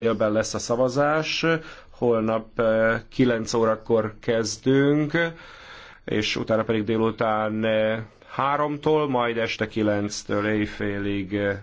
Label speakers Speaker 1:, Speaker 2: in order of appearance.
Speaker 1: délben lesz a szavazás, holnap 9 eh, órakor kezdünk, és utána pedig délután 3-tól, eh, majd este 9-től éjfélig eh,